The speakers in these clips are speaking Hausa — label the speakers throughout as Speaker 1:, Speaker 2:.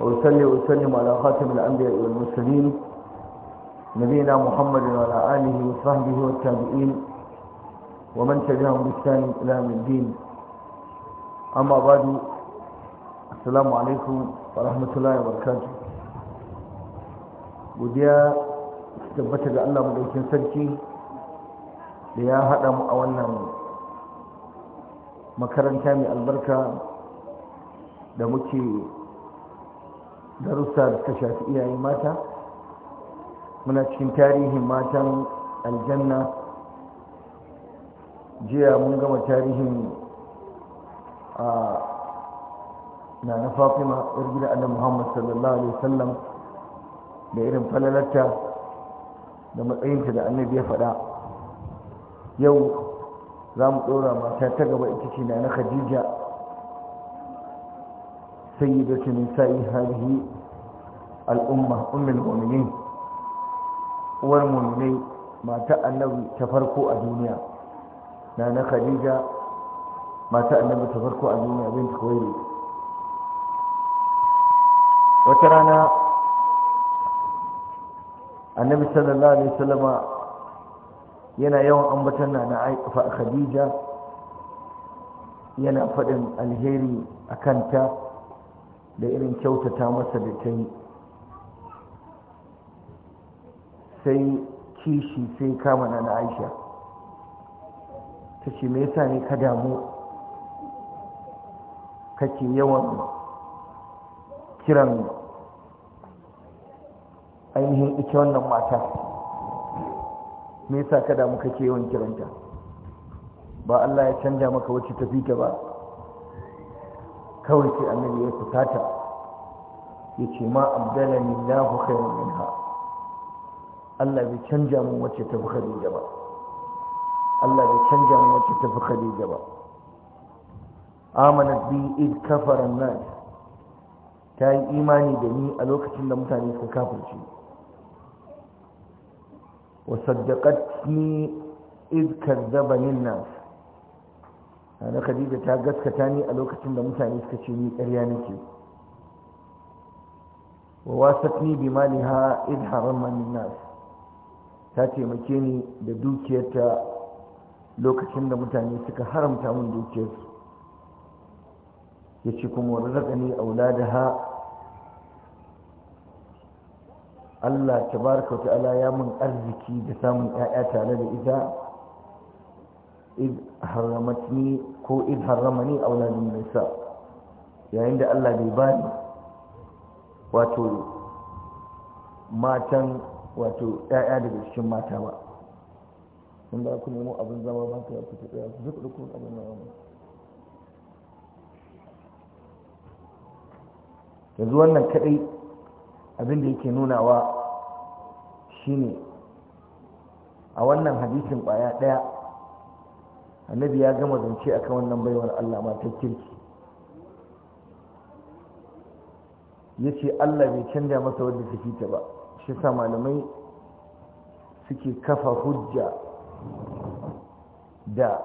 Speaker 1: وأصلي وأسلم على خاتم الأنبياء والمرسلين نبينا محمد وعلى آله وصحبه والتابعين ومن تبعهم بإحسان إلى يوم الدين أما بعد السلام عليكم ورحمة الله وبركاته godiya tabbata ga Allah madaukin sarki da ya haɗa mu a wannan makaranta mai albarka da muke darussa da ta shafi iyaye mata muna cikin tarihin matan aljanna jiya mun gama tarihin a na na fatima yar gida annabi muhammad sallallahu alaihi wasallam da irin falalarta da matsayinta da annabi ya faɗa yau za mu ɗora mata ta gaba ita ce na na khadija سيدة نساء هذه الأمة أم المؤمنين والمؤمنين ما النبي تفرقوا الدنيا نانا خديجة ما النبي تفرقوا الدنيا بنت خويلد وترانا النبي صلى الله عليه وسلم yana yawan ambatan na khadija yana faɗin alheri a kanta da irin kyautata masa da ta yi sai kishi sai kama na aisha ta ce me yasa ne ka damu kake yawan kiran ainihin ita wannan mata me yasa ka damu kake yawan kiranta ba Allah ya canja maka wacce tafi ta ba kawai ce annabi ya fusata ya ce ma abdalani lahu khairun minha Allah bai canja mun wacce ta fi Khadija ba Allah bai canja mun wacce ta fi Khadija ba amanat bi id kafara an-nas ta yi imani da ni a lokacin da mutane suka kafirce wa saddaqatni id kadzabani an-nas na khadija ta gaskata ni a lokacin da mutane suka ce ni ƙarya nake wa wasatni bi maliha id harama min nas ta taimake ni da dukiyarta lokacin da mutane suka haramta min dukiyarsu yace kuma razaqani auladaha Allah tabaraka wa ta'ala ya mun arziki da samun ƴaƴa tare da ita id haramatni ko id haramani auladun nisa yayin da Allah bai bani wato matan wato ƴaƴa daga cikin mata ba in ba ku nemo abin zama ba ka tsaya duk abin nan yanzu wannan kadai abin da yake nunawa shine a wannan hadisin kwaya daya annabi ya gama zance akan wannan baiwar Allah ma ta kirki ya ce Allah bai canja masa wadda ta ta ba shi sa malamai suke kafa hujja da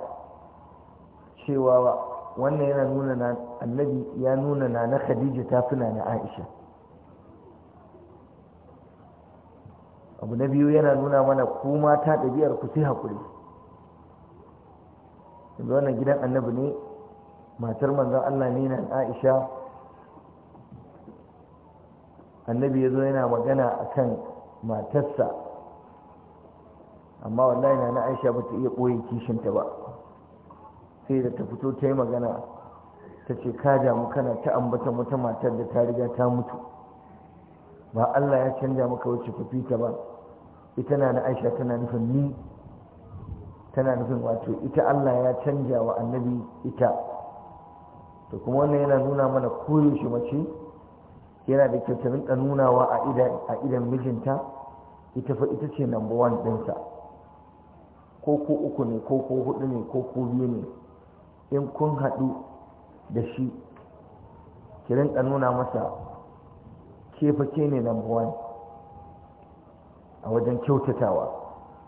Speaker 1: cewa wannan yana nuna na annabi ya nuna na na khadija ta fi na aisha abu na biyu yana nuna mana kuma ta ɗabi'ar ku sai haƙuri yanzu wannan gidan annabi ne matar manzan Allah ne na Aisha annabi ya zo yana magana akan matarsa amma wallahi na na Aisha ba ta iya ɓoye kishinta ba sai da ta fito ta yi magana ta ce ka damu kana ta ambata wata matar da ta riga ta mutu ba Allah ya canja maka wacce fifita ba ita na na Aisha tana nufin ni tana nufin wato ita Allah ya canja wa annabi ita to kuma wannan yana nuna mana shi mace yana da kyau ta rinka nunawa a idan mijinta ita fa ita ce number one ɗinsa ko ko uku ne ko ko hudu ne ko ko biyu ne in kun haɗu da shi ki rinka nuna masa ke fa ke ne number one a wajen kyautatawa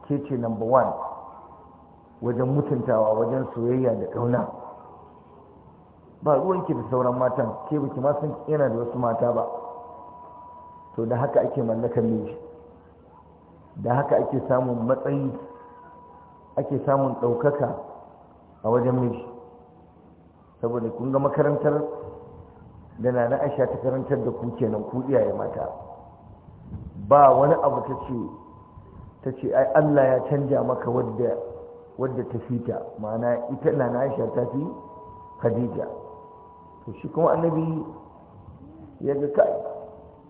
Speaker 1: ke ce number one wajen mutuntawa wajen soyayya da ƙauna ba ruwanki da sauran matan ke biki ma sun yana da wasu mata ba to da haka ake mallakar miji da haka ake samun matsayi ake samun ɗaukaka a wajen miji saboda kun ga makarantar da na na aisha ta karantar da ku kenan ku iyaye mata ba wani abu ta ce ta ce ai Allah ya canja maka wadda wadda ta fita ma'ana ita na Aisha ta fi Khadija to shi kuma annabi ya ga kai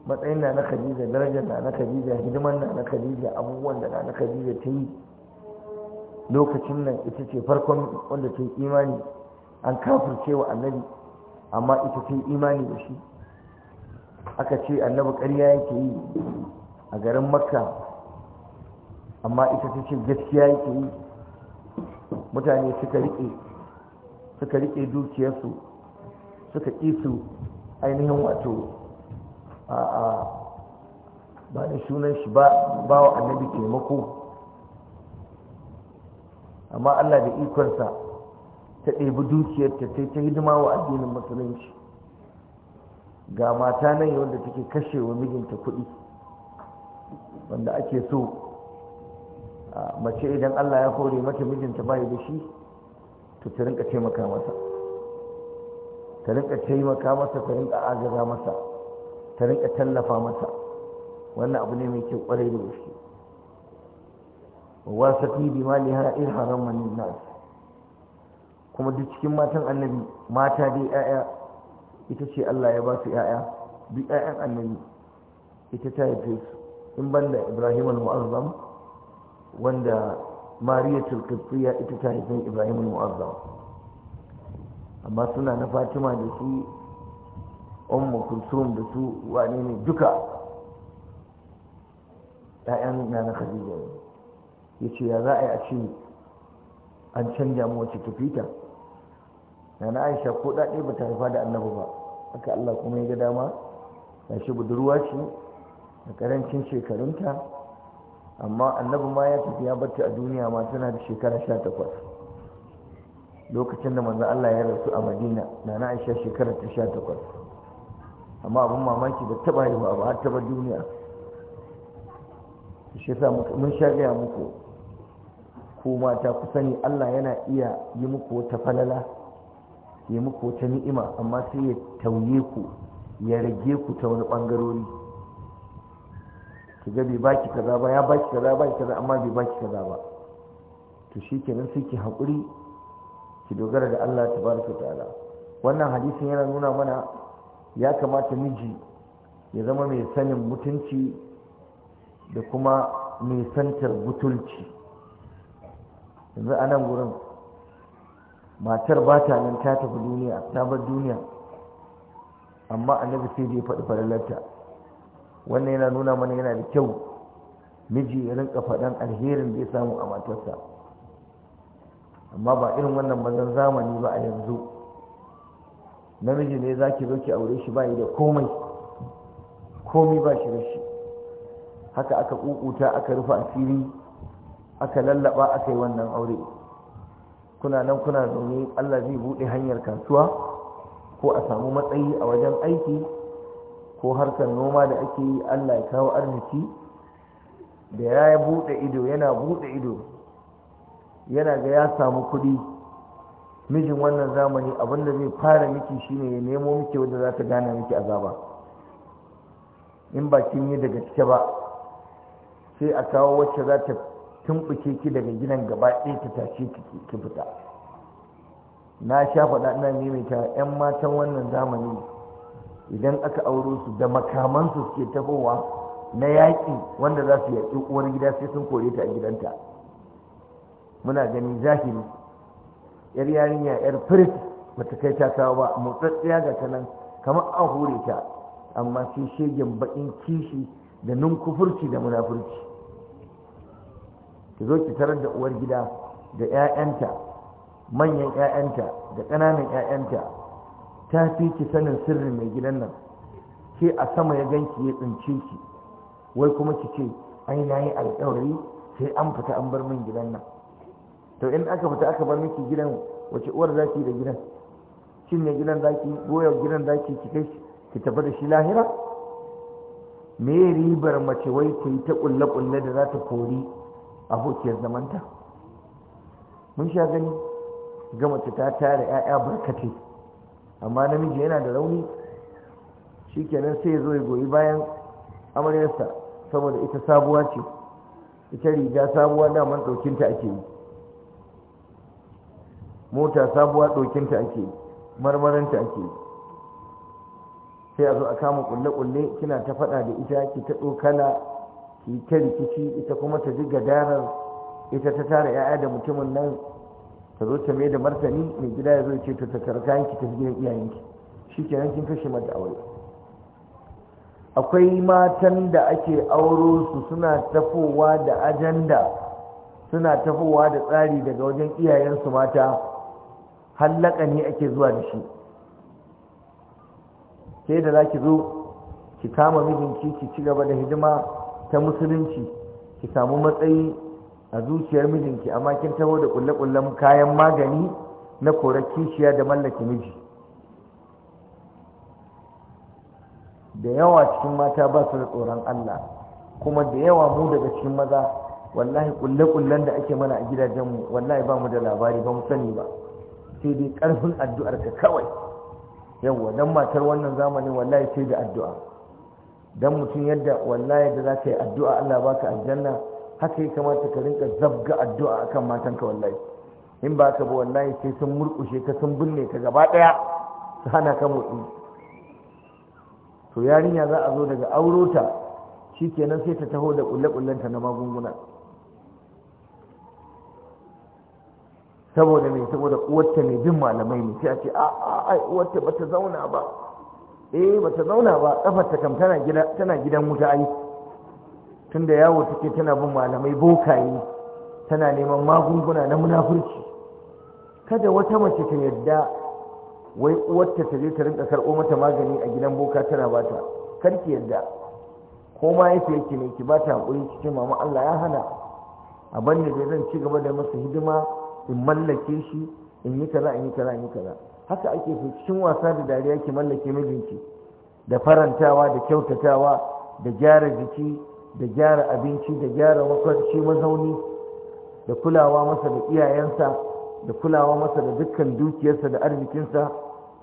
Speaker 1: matsayin na na Khadija darajar na na Khadija hidiman na na Khadija abubuwan da na na Khadija ta yi lokacin nan ita ce farkon wanda ta yi imani an kafirce wa annabi amma ita ta yi imani da shi aka ce annabi ƙarya yake yi a garin makka amma ita ta ce gaskiya yake yi mutane suka rike suka rike dukiyarsu suka isu ainihin wato a a ba da sunan shi ba ba wa annabi taimako amma Allah da ikonsa ta ɗebi dukiyarta sai ta hidima wa addinin musulunci ga mata nan yadda take kashe wa mijinta kuɗi wanda ake so mace idan Allah ya kore mata mijinta bai da shi to ta rinka taimaka masa ta rinka taimaka masa ta rinka agaza masa ta rinka tallafa masa wannan abu ne mai kyau kwarai da gaske sati bi maliha haram manin nas kuma duk cikin matan annabi mata dai 'ya'ya ita ce Allah ya ba su 'ya'ya duk 'ya'yan annabi ita ta haife su in banda Ibrahim al-Mu'azzam wanda mariya qibtiyya ita ta haifin ibrahim mu'azzam amma suna na fatima da su ummu kulsum da su wane ne duka na na khadija ne Ya ce ya za a yi a ce an canja mu wacce tafita na aisha ko ɗaɗe ba ta haifa da annabi ba Aka allah kuma ya ga dama Ya shi budurwa ce da karancin shekarunta amma annabi ma ya tafi ya batta a duniya ma tana da shekara sha takwas lokacin da manzo Allah ya rasu a Madina na na Aisha shekara ta sha takwas amma abin mamaki da taba yi ba har taba duniya shi yasa mun sha gaya muku ko mata ku sani Allah yana iya yi muku wata falala yi muku wata ni'ima amma sai ya tauye ku ya rage ku ta wani bangarori ka ga bai baki kaza ba ya baki kaza ba kaza amma bai baki kaza ba to shikenan sai hakuri ki dogara da Allah tabaraka ta'ala wannan hadisin yana nuna mana ya kamata miji ya zama mai sanin mutunci da kuma mai santar butulci yanzu a nan gurin matar ba ta nan ta tafi duniya ta bar duniya amma annabi sai da ya faɗi falalarta wannan yana nuna mana yana da kyau miji ya rinka faɗan alherin da ya samu a matarsa amma ba irin wannan mazan zamani ba a yanzu namiji ne za ki zo ki aure shi bayi da komai komi ba shi da shi haka aka ƙuƙuta aka rufe asiri aka lallaba aka yi wannan aure kuna nan kuna zaune allah zai buɗe hanyar kasuwa ko a samu matsayi a wajen aiki ko harkar noma da ake yi allah ya kawo arziki da ya buɗe ido yana buɗe ido yana ga ya samu kuɗi mijin wannan zamani abinda zai fara miki shine ya nemo miki wadda za ta gana miki azaba in ba kin yi daga cike ba sai a kawo wacce za ta tumɓuke ki daga gidan gaba ɗaya ta tashe ki fita na sha faɗa ina maimaita 'yan matan wannan zamani idan aka auro su da makamansu suke tafowa na yaƙi wanda za su yaƙi uwar gida sai sun kore ta a gidanta muna gani zahiri yar yarinya yar firis bata kai ta kawo ba motsatsiya ga ta nan kamar an hure ta amma shi shegen baƙin kishi da ninkufurci da munafurci ki zo ki tarar da uwar gida da 'ya'yanta manyan 'ya'yanta da ƙananan 'ya'yanta ta fi ki sanin sirrin mai gidan nan ke a sama ya ganki ya tsince ki wai kuma ki ce ai na yi alƙawari sai an fita an bar min gidan nan to in aka fita aka bar miki gidan wace uwar za ki da gidan shin ne gidan za ki goya gidan za ki ki kai ki tafi da shi lahira me ribar mace wai ta yi ta ƙulle-ƙulle da za ta kori abokiyar zamanta mun sha gani ga mace ta tara 'ya'ya barkatai amma namiji yana da rauni shi kenan sai ya zo ya goyi bayan amaryarsa saboda ita sabuwa ce ita riga sabuwa daman ɗaukinta ake yi mota sabuwa ɗaukinta ake yi marmaranta ake yi sai a zo a kama ƙulle-ƙulle kina ta faɗa da ita ki ta ɗokala ki ta rikici ita kuma ta ji gadarar ita ta tara 'ya'ya da mutumin nan ta zo ta mai da martani mai gida ya zo ce to ta karkayan ki ta gidan iyayenki shi nan kin kashe mata aure akwai matan da ake auro su suna tafowa da ajanda suna tafowa da tsari daga wajen iyayensu mata hallaka ne ake zuwa da shi sai da za ki zo ki kama mijinki ki ci gaba da hidima ta musulunci ki samu matsayi a zuciyar mijinki amma kin taho da kulle-kullen kayan magani na korar kishiya da mallaki miji da yawa cikin mata ba su da tsoron Allah kuma da yawa mu daga cikin maza wallahi kulle-kullen da ake mana a gidajen mu, wallahi ba mu da labari ba mu sani ba sai dai karfin addu'ar ka kawai yawa dan matar wannan zamanin wallahi sai da addu'a dan mutum yadda wallahi da za ka yi addu'a Allah baka aljanna haka ya kamata ka rinka zabga addu'a akan matanka wallahi in ba ka ba wallahi sai sun murkushe ka sun binne ka gaba ɗaya, su hana ka motsi to yarinya za a zo daga aurota shikenan sai ta taho da kulle-kullenta na magunguna saboda mai saboda uwarta mai bin malamai ne sai a ce a a uwarta bata zauna ba eh bata zauna ba kafar kam tana gidan wuta ai tunda yawo take tana bin malamai bokaye tana neman magunguna na munafurci kada wata mace ta yadda wai uwarta ta je ta rinka karɓo mata magani a gidan boka tana bata kar ki yadda ko ma yake yake ne ki bata hakuri ki ce mama Allah ya hana a banne dai zan ci gaba da masa hidima in mallake shi in yi kaza in yi kaza in yi kaza haka ake so cikin wasa da dariya ki mallake mijinki da farantawa da kyautatawa da gyara jiki da gyara abinci da gyara makwarci mazauni da kulawa masa da iyayensa da kulawa masa da dukkan dukiyarsa da arzikinsa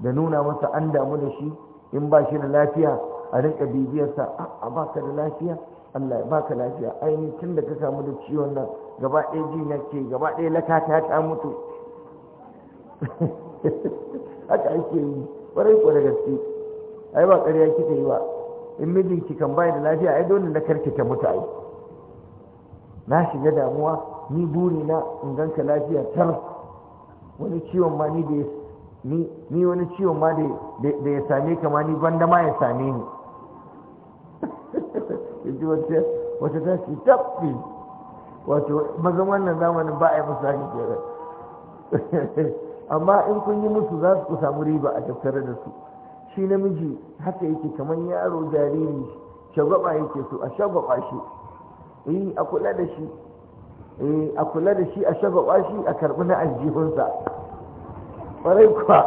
Speaker 1: da nuna masa an damu da shi in ba shi da lafiya a rinka bibiyarsa ah, a baka da lafiya Allah ya baka lafiya ainihin tun da ka samu da ciwon nan gaba ɗaya jin yake gaba ɗaya laka ta mutu haka ake yi kwarai kwarai gaske ai ba ƙarya kika yi ba in mijinki kan bai da lafiya ai dole na karkata mutu ai na shiga damuwa ni buri na in ganka lafiya tar wani ciwon ma ni da ni wani ciwon ma da ya same ka ma ni gwanda ma ya same ni yaji wata wata ta ce tabbi wato mazan wannan zamanin ba a yi musu haka kenan amma in kun yi musu za su samu riba a tattare da su shi namiji haka yake kamar yaro jariri shagwaba yake so a shagwaba shi eh a kula da shi eh a kula da shi a shagwaba shi a karbi na aljihunsa ƙwarai kuwa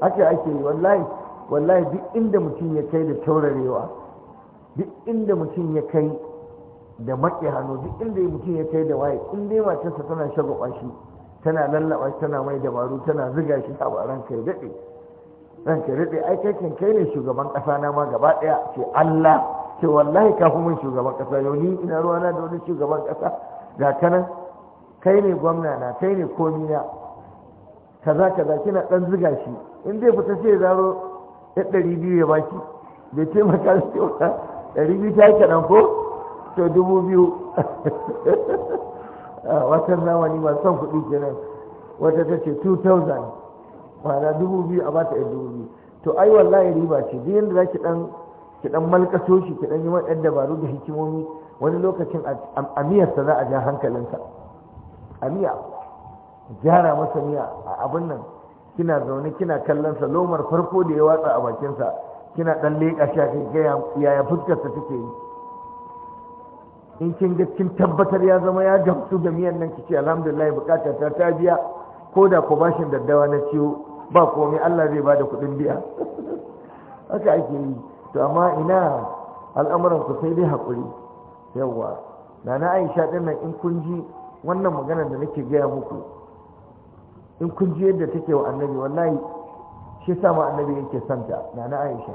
Speaker 1: haka ake yi wallahi wallahi duk inda mutum ya kai da taurarewa duk inda mutum ya kai da maƙe hannu duk inda mutum ya kai da waye in dai matarsa tana shagwaba shi tana lallaba shi tana mai dabaru tana ziga shi a ran kai daɗe ran kai daɗe ai kai kin kai ne shugaban ƙasa na ma gaba ɗaya ce Allah ce wallahi kafin mun shugaban ƙasa yau ni ina ruwa na da wani shugaban ƙasa ga kanan kai ne gwamna na kai ne komi na kaza kaza kina dan ziga shi in zai fita sai zaro ya ɗari biyu ya baki bai taimaka shi ɗari biyu ta yi kaɗan ko to dubu biyu watan zamani masu son kuɗi kenan wata ta ce 2000 ma'ana dubu biyu a bata yan dubu biyu to ai wallahi riba ce duk yadda za ki dan ki dan malkaso shi ki dan yi ɗan dabaru da hikimomi wani lokacin a miyarsa za a ja hankalinsa a miya gyara masa miya a abin nan kina zaune kina kallon sa lomar farko da ya watsa a bakinsa kina dan leƙa shi a kai yaya fuskarsa take yi in kin ga kin tabbatar ya zama ya gamsu da miyan nan kici alhamdulillah bukata ta ta biya ko da ku bashin daddawa na ciwo ba komai Allah zai bada kuɗin biya haka ake yi to amma ina al'amuran ku sai dai hakuri yawa na Aisha din nan in kun ji wannan magana da nake gaya muku in kun ji yadda take wa annabi wallahi shi sa ma annabi yake santa na na Aisha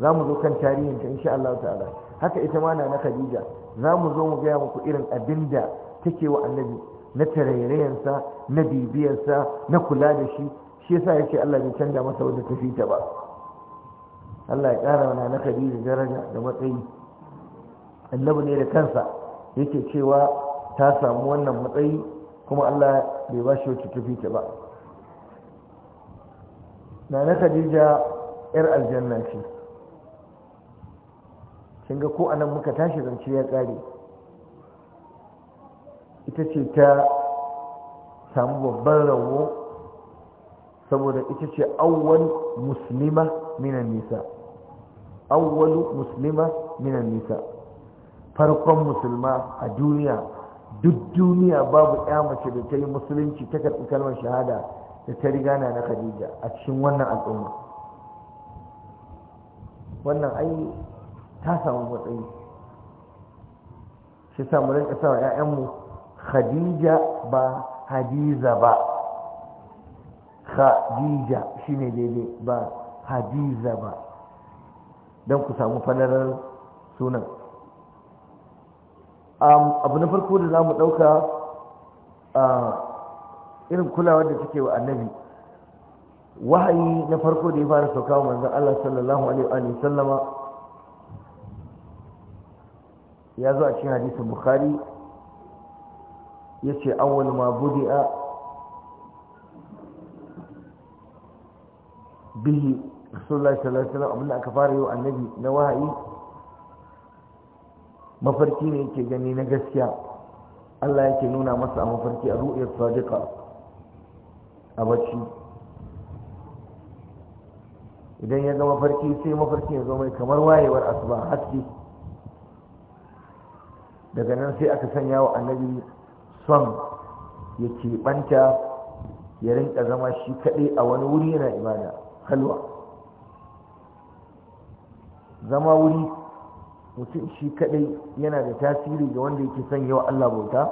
Speaker 1: za mu zo kan tarihin ta insha Allah ta'ala haka ita ma na na Khadija za mu zo mu gaya muku irin abin da take wa annabi na tarairayensa na bibiyarsa na kula da shi shi yasa ya ce Allah bai canza masa wanda ta fita ba Allah ya ƙara wa na Khadija daraja da matsayi annabi ne da kansa yake cewa ta samu wannan matsayi kuma Allah bai ba shi wacce ta fita ba na na Khadija yar aljanna ce kin ga ko anan muka tashi zance ya kare ita ce ta samu babban rawo saboda ita ce awwal muslima minan nisa awwalu muslima minan nisa farkon musulma a duniya duk duniya babu ya mace da ta yi musulunci ta karɓi kalmar shahada da ta riga na na khadija a cikin wannan al'umma wannan ai ta samu matsayi shi samu rinka sa wa 'ya'yanmu khadija ba hadiza ba khadija shine daidai ba hadiza ba don ku samu fadarar sunan abu na farko da za mu ɗauka irin kulawar da take wa annabi wahayi na farko da ya fara sauka wa manzan Allah sallallahu alaihi wa sallama ya zo a cikin hadisin bukhari ya ce awwal ma budi'a bihi sallallahu alaihi wasallam abinda aka fara yi wa annabi na wahayi mafarki ne yake gani na gaskiya Allah yake nuna masa a mafarki a ru'iyar sadiqa a bacci idan ya ga mafarki sai mafarki ya zo mai kamar wayewar asuba haske daga nan sai aka sanya wa annabi son ya keɓanta ya rinka zama shi kaɗai a wani wuri yana ibada halwa zama wuri mutum shi kaɗai yana da tasiri ga wanda yake sanya wa Allah bauta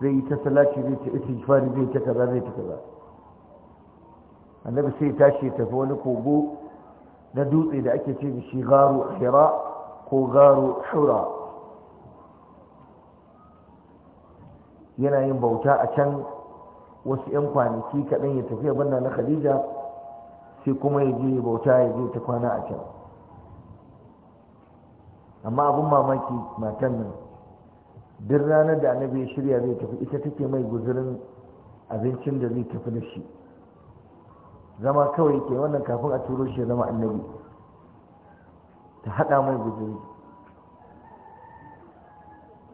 Speaker 1: zai yi ta salati zai ta fari zai ta kaza zai ta kaza annabi sai tashi ya tafi wani kogo na dutse da ake ce da shi garu hira ko garu shura yana yin bauta a can wasu 'yan kwanaki kaɗan ya tafiya abin na khadija sai kuma ya je bauta ya je ta kwana a can amma abin mamaki matan nan duk ranar da annabi ya shirya zai tafi ita take mai guzurin abincin da zai tafi da shi zama kawai ke wannan kafin a turo shi zama annabi ta haɗa mai guzuri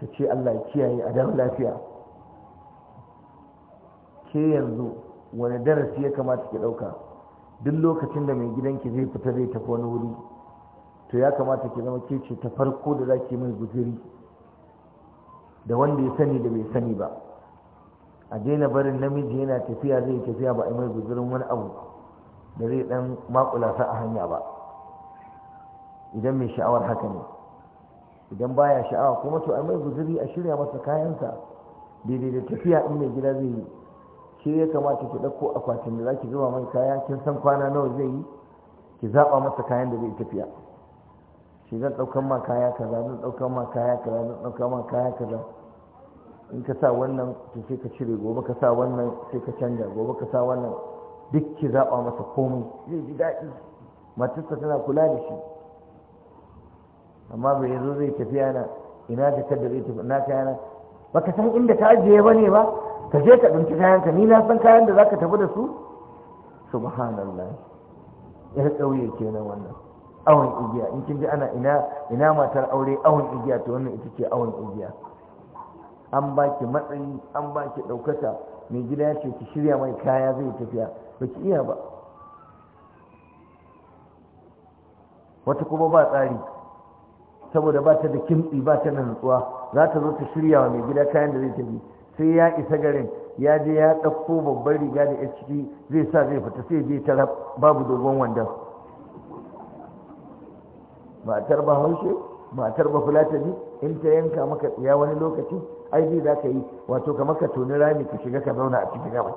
Speaker 1: ta ce allah ya kiyaye a dawo lafiya ke yanzu wani darasi ya kamata ki ɗauka duk lokacin da mai gidan gidanki zai fita zai tafi wani wuri to ya kamata ki zama ke ce ta farko da za ki mai guziri da wanda ya sani da bai sani ba a daina barin namiji yana tafiya zai tafiya ba a mai guzirin wani abu da zai dan makulasa a hanya ba idan mai sha'awar haka ne idan baya sha'awa kuma to a mai guziri a shirya masa kayansa daidai da tafiya in mai gida zai yi ke ya kamata ki ɗauko akwatin da za ki zuba mai kaya kin san kwana nawa zai yi ki zaɓa masa kayan da zai tafiya shi zan ɗaukan ma kaya kaza zan ɗaukan ma kaya kaza zan ɗaukan ma kaya kaza in ka sa wannan to sai ka cire gobe ka sa wannan sai ka canja gobe ka sa wannan duk ki zaɓa masa komai zai ji daɗi matarsa tana kula da shi amma bai zo zai tafiya na ina da da zai tafi na kayana baka san inda ka ajiye ba ne ba ka je ka ɗauki kayan ka ni na san kayan da zaka tafi da su subhanallah yar ƙauye kenan wannan awon igiya in kin ji ana ina ina matar aure awon igiya to wannan ita ce awon igiya an baki matsayi an baki ɗaukaka mai gida ya ce ki shirya mai kaya zai tafiya ba ki iya ba wata kuma ba tsari saboda ba ta da kimtsi ba ta da za ta zo ta shirya wa mai gida kayan da zai tafi sai ya isa garin ya je ya ɗauko babbar riga da yar ciki zai sa zai fita sai je ta babu dogon wanda. matar ba haushe matar ba fulatani in ta yanka maka tsiya wani lokaci ai zai za ka yi wato ka ka toni rami ka shiga ka zauna a cikin gaba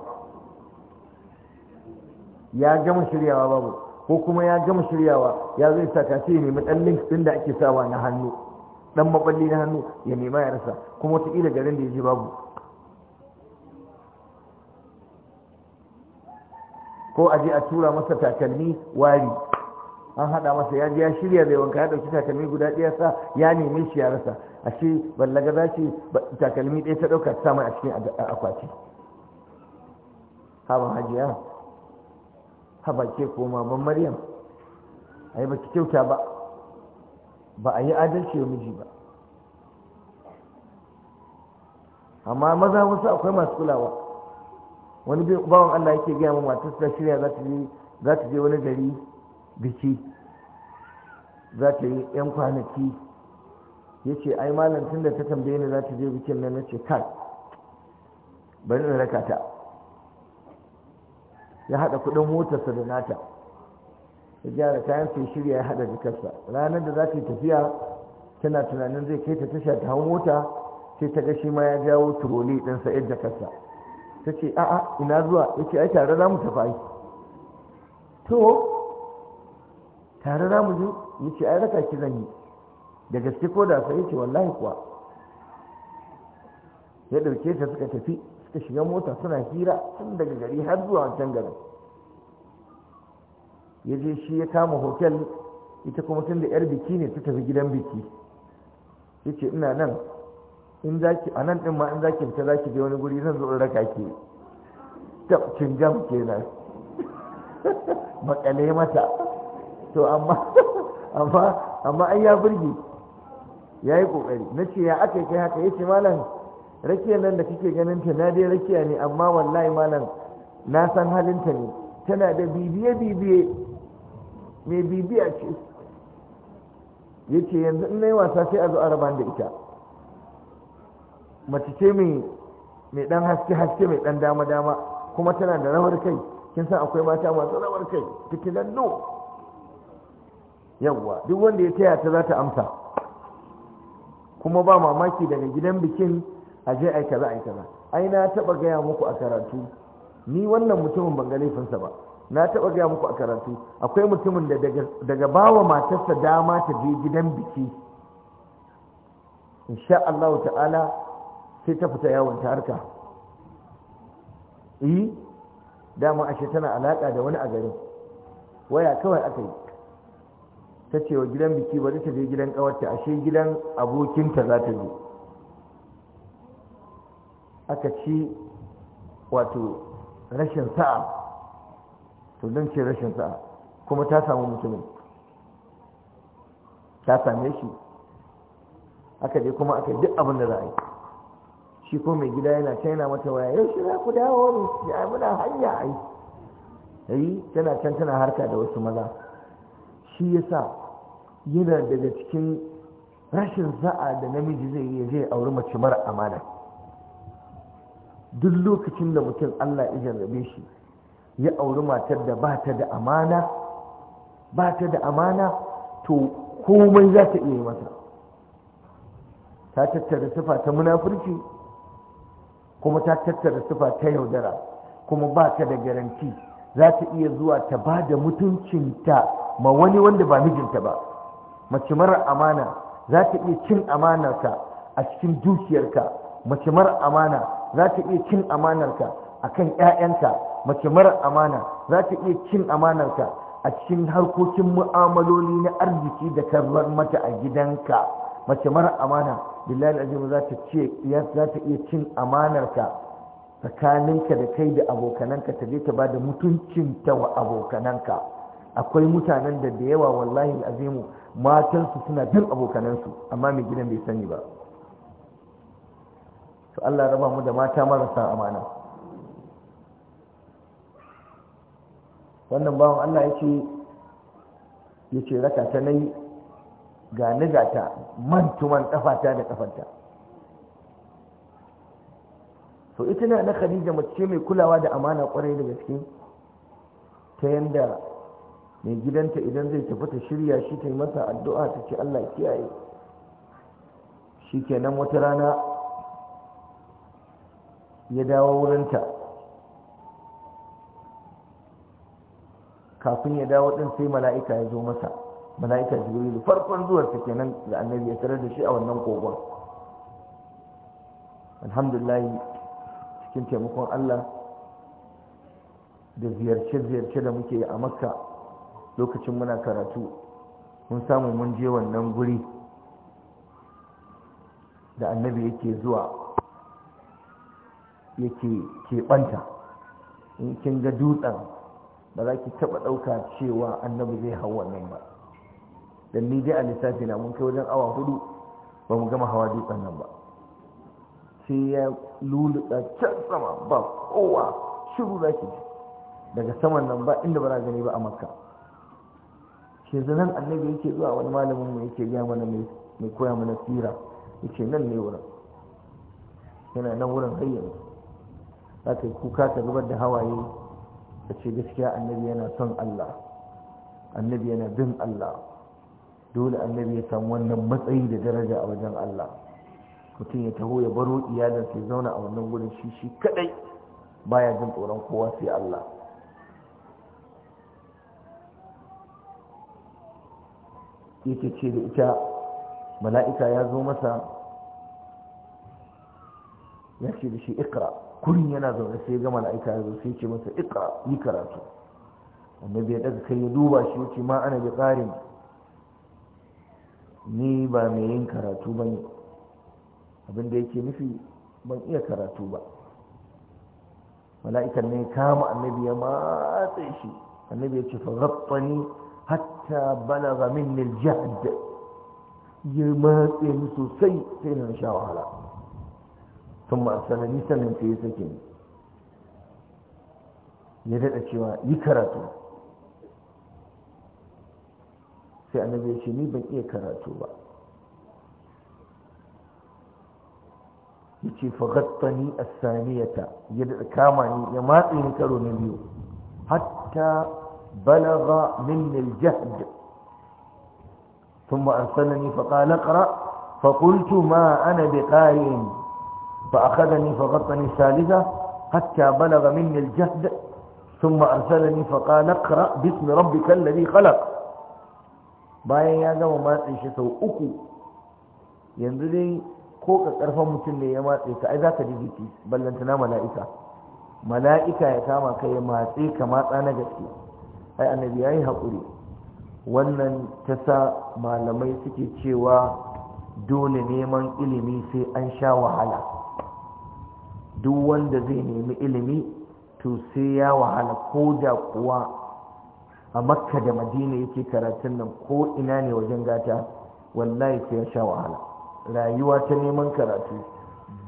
Speaker 1: ya gama shiryawa babu ko kuma ya gama shiryawa ya zai sa ka sai ya nemi ɗan ɗin da ake sawa na hannu ɗan maballi na hannu ya nema ya rasa kuma wataƙila garin da ya ji babu ko a je a tura masa takalmi wari an haɗa masa ya je ya shirya zai wanka ya ɗauki takalmi guda ɗaya sa ya neme shi ya rasa ashe ballaga za shi takalmi ɗaya ta ɗauka ta a cikin akwati haban hajiya ke ko maman maryam ai baki kyauta ba ba a yi adalci ya miji ba amma maza wasu akwai masu kulawa wani bawan Allah yake gaya ma matar ta shirya za ta je wani gari biki za ta yi 'yan kwanaki ya ce ai malam tun da ta tambaye ni za ta je bikin nan na ce kai bari na raka ta ya haɗa kuɗin motarsa da nata ya gyara kayan sai shirya ya haɗa jikarsa ranar da za ta yi tafiya tana tunanin zai kai ta tasha ta hau mota sai ta ga shi ma ya jawo turoli ɗinsa yadda kasa ta ce a'a ina zuwa ya ce ai tare za mu tafi to tare za mu je ya ce ai raka ki zan yi da gaske ko da sai ya ce wallahi kuwa ya ɗauke ta suka tafi suka shiga mota suna hira tun daga gari har zuwa wancan gari. ya je shi ya kama hotel ita kuma tun da yar biki ne ta tafi gidan biki ya ce ina nan in zaki a nan ɗin ma in zaki fita zaki je wani guri zan zo in raka ke tabcin jam kenan makale mata to amma amma amma ai ya burge yayi yi nace ya aka kai haka yace malam Rakiya nan da kake ganin ta na dai rakiya ne amma wallahi malam na san halinta ne tana da bibiye bibiye mai bibiya ce yace yanzu in nayi wasa sai a zo a da ita mace ce mai mai dan haske haske mai dan dama dama kuma tana da rawar kai kin san akwai mata masu rawar kai no. yawwa duk wanda ya taya ta za ta amsa kuma ba mamaki daga gidan bikin a je ai kaza ai kaza ai na taba gaya muku a karatu ni wannan mutumin ban ga laifinsa ba na taba gaya muku a karatu akwai mutumin da daga bawa matarsa dama ta je gidan biki insha Allah ta'ala sai ta fita yawon ta harka yi dama ashe tana alaka da wani a garin waya kawai aka yi ta ce wa gidan biki bari ta je gidan kawarta ashe gidan abokinta za ta je aka ci wato rashin sa'a to don ce rashin sa'a kuma ta samu mutumin ta same shi aka je kuma aka duk abin da za a yi shi ko mai gida yana can yana mata waya yau shi za ku dawo ya muna hanya a yi tana can tana harka da wasu maza shi ya sa yana daga cikin rashin za'a da namiji zai iya zai auri mace mara amana duk lokacin da mutum Allah ya jarrabe shi ya auri matar da ba ta da amana ba ta da amana to komai za ta iya yi mata ta tattara sifa ta munafurci kuma ta tattara sifa ta yaudara kuma ba ta da garanti za ta iya zuwa ta ba da mutuncinta ma wani wanda ba mijinta ba mace mara amana za ta iya cin amanarka a cikin dukiyarka mace mara amana za ta iya cin amanarka a kan 'ya'yanta mace mara amana za ta iya cin amanarka a cikin harkokin mu'amaloli na arziki da karbar mata a gidanka mace mara amana billahi azim za ta ce za ta iya cin amanarka tsakaninka da kai da abokananka ta je ta ba bada mutuncinta wa abokananka akwai mutanen da da yawa wallahi azimu matansu suna bin abokanansu amma mai gidan bai sani ba to Allah raba mu da mata marasa amana wannan bawan Allah yake yace raka ta nayi ga ta mantuman kafata da kafanta to ita na na Khadija mace mai kulawa da amana kwarai da gaske ta yanda mai gidanta idan zai tafi ta shirya shi ta yi masa addu'a ta ce Allah kiyaye shi kenan wata rana ya dawo wurinta kafin ya dawo ɗin sai mala'ika ya zo masa mala'ika jibrilu farkon ta kenan da annabi ya tarar da shi a wannan kogon alhamdulillah cikin taimakon allah da ziyarce-ziyarce da muke a makka lokacin muna karatu mun samu mun je wannan guri da annabi yake zuwa yake keɓanta in kin ga dutsen ba za ki taɓa ɗauka cewa annabi zai hau wannan ba don ni dai a lissafi na mun kai wajen awa hudu ba mu gama hawa dutsen nan ba sai ya lulluɗa can sama ba kowa shiru za ki daga saman nan ba inda ba za gani ba a makka ke zanen annabi yake zuwa wani malamin mu yake gaya mana mai koya mana tsira yake nan ne wurin yana nan wurin har za ka yi kuka ta zubar da hawaye ka ce gaskiya annabi yana son Allah annabi yana bin Allah dole annabi ya samu wannan matsayi da daraja a wajen Allah mutum ya taho ya baro iyalinsa ya zauna a wannan gudun shi shi kadai baya jin tsoron kowa sai Allah ita ce da ita mala'ika ya zo masa ya ce da shi ikra kurin yana zaune sai ga mala'ika ya zo sai ce masa iqra yi karatu annabi ya daga kai ya duba shi ce ma ana bi tsarin ni ba mai yin karatu bane abin da yake nufi ban iya karatu ba mala'ikan ne kama annabi ya matsa shi annabi ya ce fa ghattani hatta balagha minni al-jahd ya matsa ni sosai sai na sha wahala sun ma'asarari sannan ta yi sake ya daɗa cewa yi karatu sai annabi ya ce ni ban iya karatu ba ya ce fagattani a saniyata ya daɗa kama ya matse karo na biyu hatta balaga min aljahd ثم أرسلني فقال اقرأ فقلت ما أنا بقارئ فأخذني فغطني الثالثة حتى بلغ مني الجهد ثم أرسلني فقال اقرأ باسم ربك الذي خلق bayan ya gama matse shi sau uku yanzu dai ko ka karfan mutum ne ya matse ka ai za ka digiti ballanta na mala'ika mala'ika ya kama ka ya matse ka matsa na gaske ai annabi ya yi haƙuri wannan ta sa malamai suke cewa dole neman ilimi sai an sha wahala duk wanda zai nemi ilimi to sai ya wahala ko da kuwa a makka da madina yake karatun nan ko ina ne wajen gata wallahi sai ya sha wahala rayuwa ta neman karatu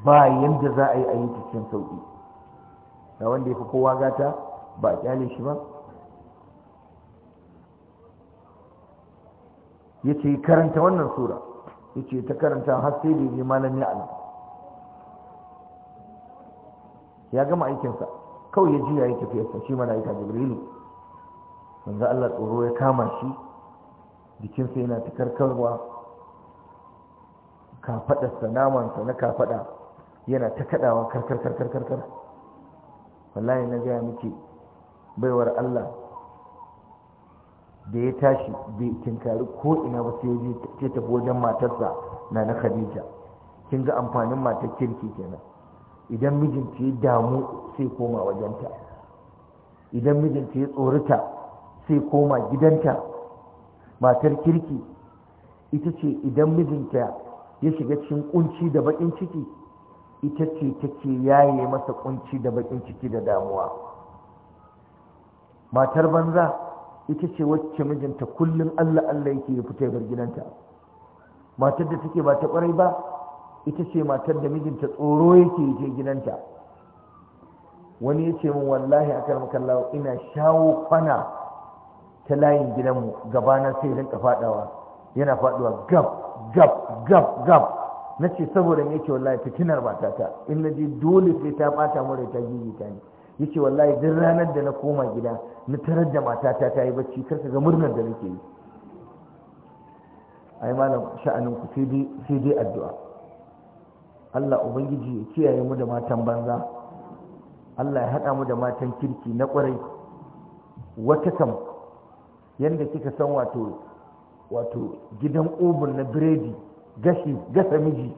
Speaker 1: ba yadda za a yi a yi cikin sauƙi ga wanda ya fi kowa gata ba a kyale shi ba ya ce karanta wannan sura ya ce ta karanta har sai da yi malami a ya gama aikinsa kawai ya ji ya tafiyarsa shi mala'ika jibrilu manzo Allah tsoro ya kama shi jikinsa yana takarkarwa kafadarsa namansa na kafada yana ta kadawa karkar karkar karkar wallahi na gaya miki baiwar Allah da ya tashi bai tinkari ko ina ba sai ya je tafi wajen matarsa na na Khadija kin ga amfanin matar kirki kenan idan mijinta ya damu sai koma wajenta idan mijinta ya tsorita sai koma gidanta matar kirki ita ce idan mijinta ya shiga cikin kunci da bakin ciki ita ce take yaye masa kunci da bakin ciki da damuwa matar banza ita ce wacce mijinta kullum Allah Allah yake ya fita bar gidanta matar da take ba ta kwarai ba ita ce matar da mijinta tsoro yake je gidanta wani ya ce min wallahi akan makallawa ina shawo kwana ta layin gidanmu gabana sai rinka fadawa yana faduwa gab gab gab gab na ce saboda yake wallahi fitinar matata in na je dole sai ta bata mura ta gigita ne yace wallahi duk ranar da na koma gida na tarar da matata ta yi bacci kar ka ga murnar da nake yi ai malam sha'anin ku sai dai addu'a Allah ubangiji ya kiyaye mu da matan banza Allah ya haɗa mu da matan kirki na ƙwarai wata kam yadda kika san wato wato gidan ubun na biredi gashi gasa miji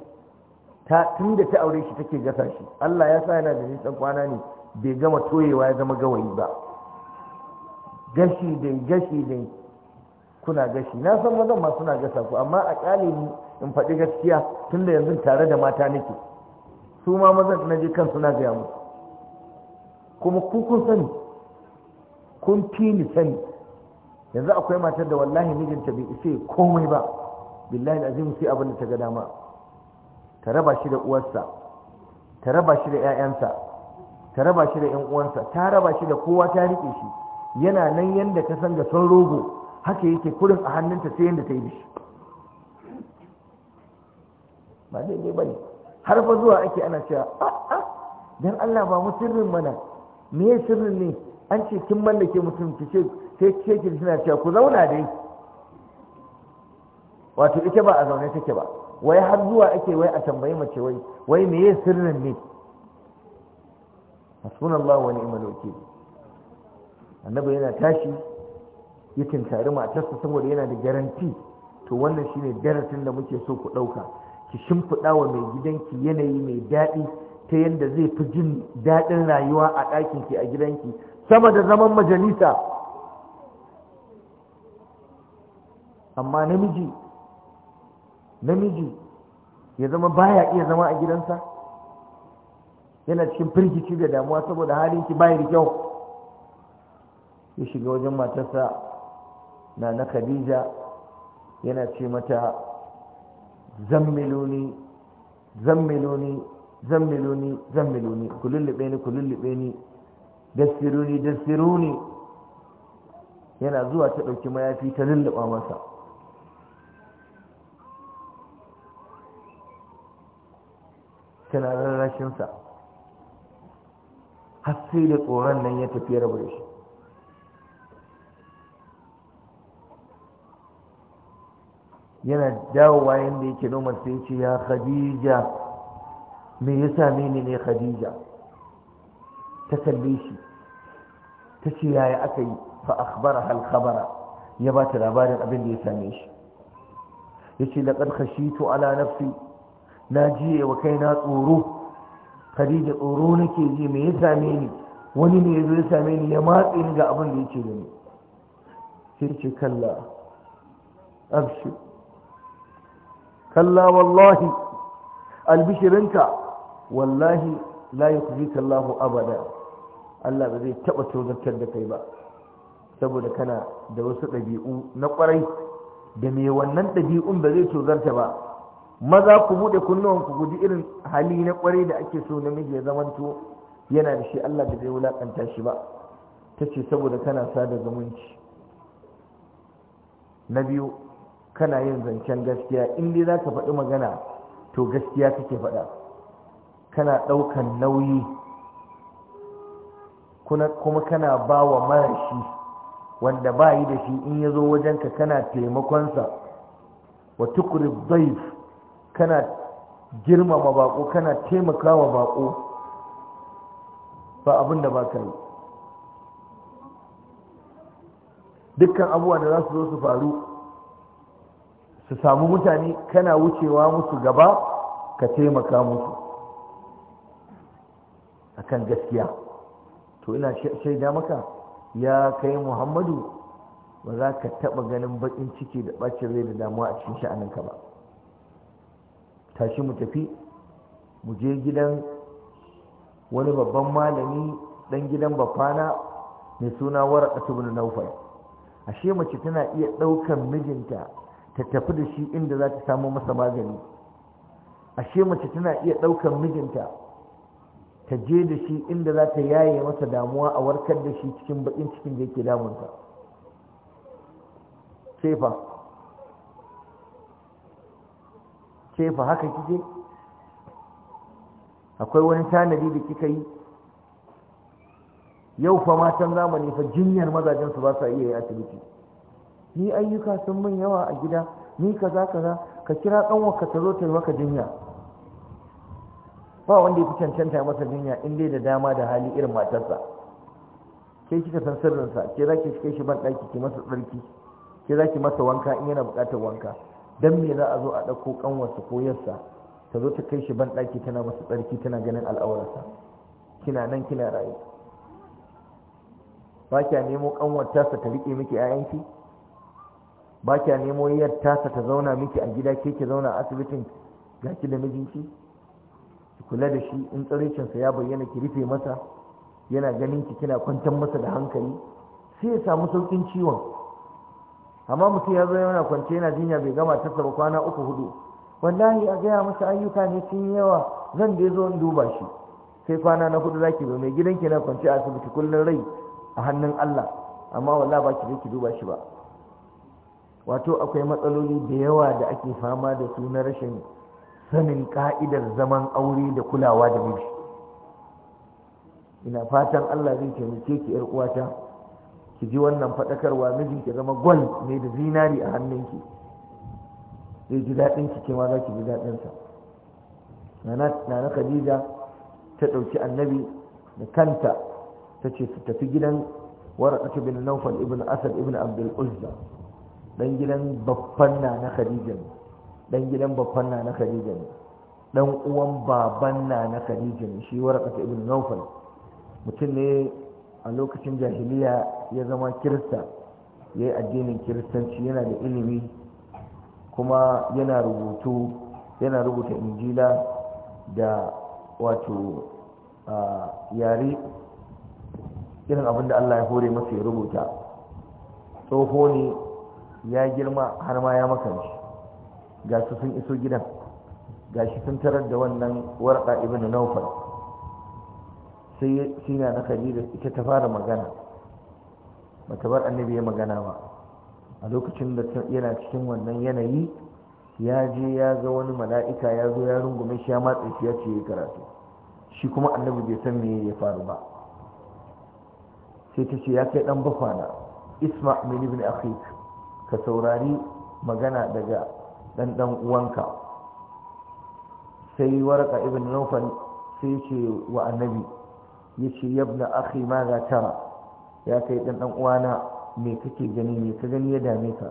Speaker 1: ta tun da ta aure shi take gasa shi Allah ya sa yana da nisan kwana ne bai gama toyewa ya zama gawayi ba gashi dai gashi dai kuna gashi na san mazan ma suna gasa ku amma a ƙyale in faɗi gaskiya tun da yanzu tare da mata nake su ma mazan na je kansu na gaya musu kuma ku kun sani kun fi sani yanzu akwai matar da wallahi mijinta bai isa komai ba billahi azim sai abin da ta ga dama ta raba shi da uwarsa ta raba shi da 'ya'yansa ta raba shi da 'yan uwansa ta raba shi da kowa ta rike shi yana nan yanda ta san ga son rogo haka yake kurin a hannunta sai yanda ta yi da shi ba daidai ba ne har fa zuwa ake ana cewa a'a ah, ah, dan Allah ba mu sirrin mana me ya sirrin ne an ce kin mallake mutum ki ce sai ce ki suna cewa ku zauna dai wato ita ba a zaune take ba wai har zuwa ake wai a tambayi mace wai wai me ya sirrin ne hasbunallahu wa ni'mal wakil annabi yana tashi yakin tinkari matarsa saboda yana da garanti to wannan shine darasin da muke so ku ɗauka ki shimfiɗa wa mai gidanki yanayi mai daɗi ta yadda zai fi jin daɗin rayuwa a ɗakinki a gidanki sama da zaman majalisa amma namiji namiji ya zama baya iya zama a gidansa yana cikin firgici da damuwa saboda halin ki baya da kyau ya shiga wajen matarsa na na khadija yana ce mata zammiluni zammiluni zammiluni zammiluni ku lullube ni ku lullube ni dastiruni dastiruni yana zuwa ta ɗauki mayafi ta lulluba masa tana rarrashinsa har sai da tsoron nan ya tafi rabu da shi yana dawowa yanda yake noma sai ce ya khadija me ya same ni ne khadija ta kalle shi ta ce yaya aka yi fa akhbara hal khabara ya ba ta labarin abin da ya same shi ya ce laƙar khashitu ala nafsi na jiye wa na tsoro khadija tsoro nake ji me ya same ni wani ne ya zo ya same ni ya matse ni ga abin da yake da ni sai ce kalla abshir kalla wallahi albishirinka wallahi la yukhzika Allahu abada Allah ba taba tozartar da kai ba saboda kana da wasu ɗabi'u na ƙwarai da mai wannan ɗabi'un bazai zai tozarta ba maza ku buɗe kunnuwan ku guji irin hali na kwarai da ake so namiji ya zamanto yana da shi Allah da zai wulaƙanta shi ba ta ce saboda kana sada zumunci na biyu kana yin zancen gaskiya in dai za ka faɗi magana to gaskiya kake faɗa kana ɗaukan nauyi kuma kana ba wa marashi wanda ba yi da shi in ya zo wajenka kana taimakonsa wa tukuri zaif kana girmama baƙo kana taimakawa baƙo ba abin da ba ka yi dukkan abuwa da za su zo su faru su samu mutane kana wucewa musu gaba ka taimaka musu a kan gaskiya to ina shaida maka ya kai muhammadu ba za ka taɓa ganin baƙin ciki da ɓacin rai da damuwa a cikin sha'aninka ba tashi mu tafi mu je gidan wani babban malami dan gidan bafana mai suna waraka tubin naufal ashe mace tana iya ɗaukan mijinta ta tafi da shi inda za ta samo masa magani ashe mace tana iya ɗaukar mijinta ta je da shi inda za ta yaye masa damuwa a warkar da shi cikin baƙin cikin da yake damunta kefa kefa haka kike akwai wani tanadi da kika yi yau fa matan zamani fa jinyar mazajen su ba sa iya yi asibiti ni ayyuka sun min yawa a gida ni kaza kaza ka kira kanwa ka tazo ta maka jinya ba wanda ya fi cancanta masa jinya in dai da dama da hali irin matarsa ke kika san sirrinsa ke za ki kai shi ban daki ki masa tsarki ke za ki masa wanka in yana buƙatar wanka dan me za a zo a ɗauko kanwarsa ko yarsa ta zo ta kai shi ban daki tana masa tsarki tana ganin al'aurarsa kina nan kina rayu ba kya nemo kanwar tasa ta riƙe miki 'ya'yanki ba kya nemo yiyar tasa ta zauna miki a gida ke ke zauna a asibitin ga ki da mijinki ki kula da shi in tsirricinsa ya bayyana ki rufe masa yana ganin ki kina kwantar masa da hankali sai ya samu saukin ciwon amma mutum ya zo yana kwance yana jinya bai gama tasa ba kwana uku hudu wallahi a gaya masa ayyuka ne sun yawa zan da zo in duba shi sai kwana na hudu zaki zo mai gidanki na kwance a asibiti kullum rai a hannun Allah amma wallahi ba ki je ki duba shi ba wato akwai matsaloli da yawa da ake fama da su na rashin sanin ka'idar zaman aure da kulawa da miji ina fatan Allah zai taimake ki yar uwata ki ji wannan fadakarwa miji ki zama gwal ne da zinari a hannunki zai ji daɗin ki kima za ki ji daɗin na nana Khadija ta ɗauki annabi da kanta ta ce su tafi gidan warqatu bin Nawfal ibn Asad ibn Abdul Uzza dan gidan babban na na khadija ne dan gidan babban na khadija ne dan uwan baban na na khadija ne shi warqat ibn nawfal mutum ne a lokacin jahiliya ya zama kirista yayi addinin kiristanci yana da ilimi kuma yana rubutu yana rubuta injila da wato yare irin abin da allah ya hore masa ya rubuta tsoho ne ya girma har ma ya makanci ga su sun iso gidan ga shi sun tarar da wannan warka ibn naufal sai sina na khadija ita ta fara magana bata bar annabi ya magana ba a lokacin da yana cikin wannan yanayi ya je ya ga wani mala'ika ya zo ya rungume shi ya matsa shi ya ce ya karatu shi kuma annabi bai san me ya faru ba sai ta ce ya kai dan bafana isma min ibn akhik ka saurari magana daga ɗanɗan uwanka sai waraka ibn Nufan sai ce wa annabi ya ce yabna akhi ma za tara ya kai ɗanɗan uwana me kake gani me ka gani ya dame ka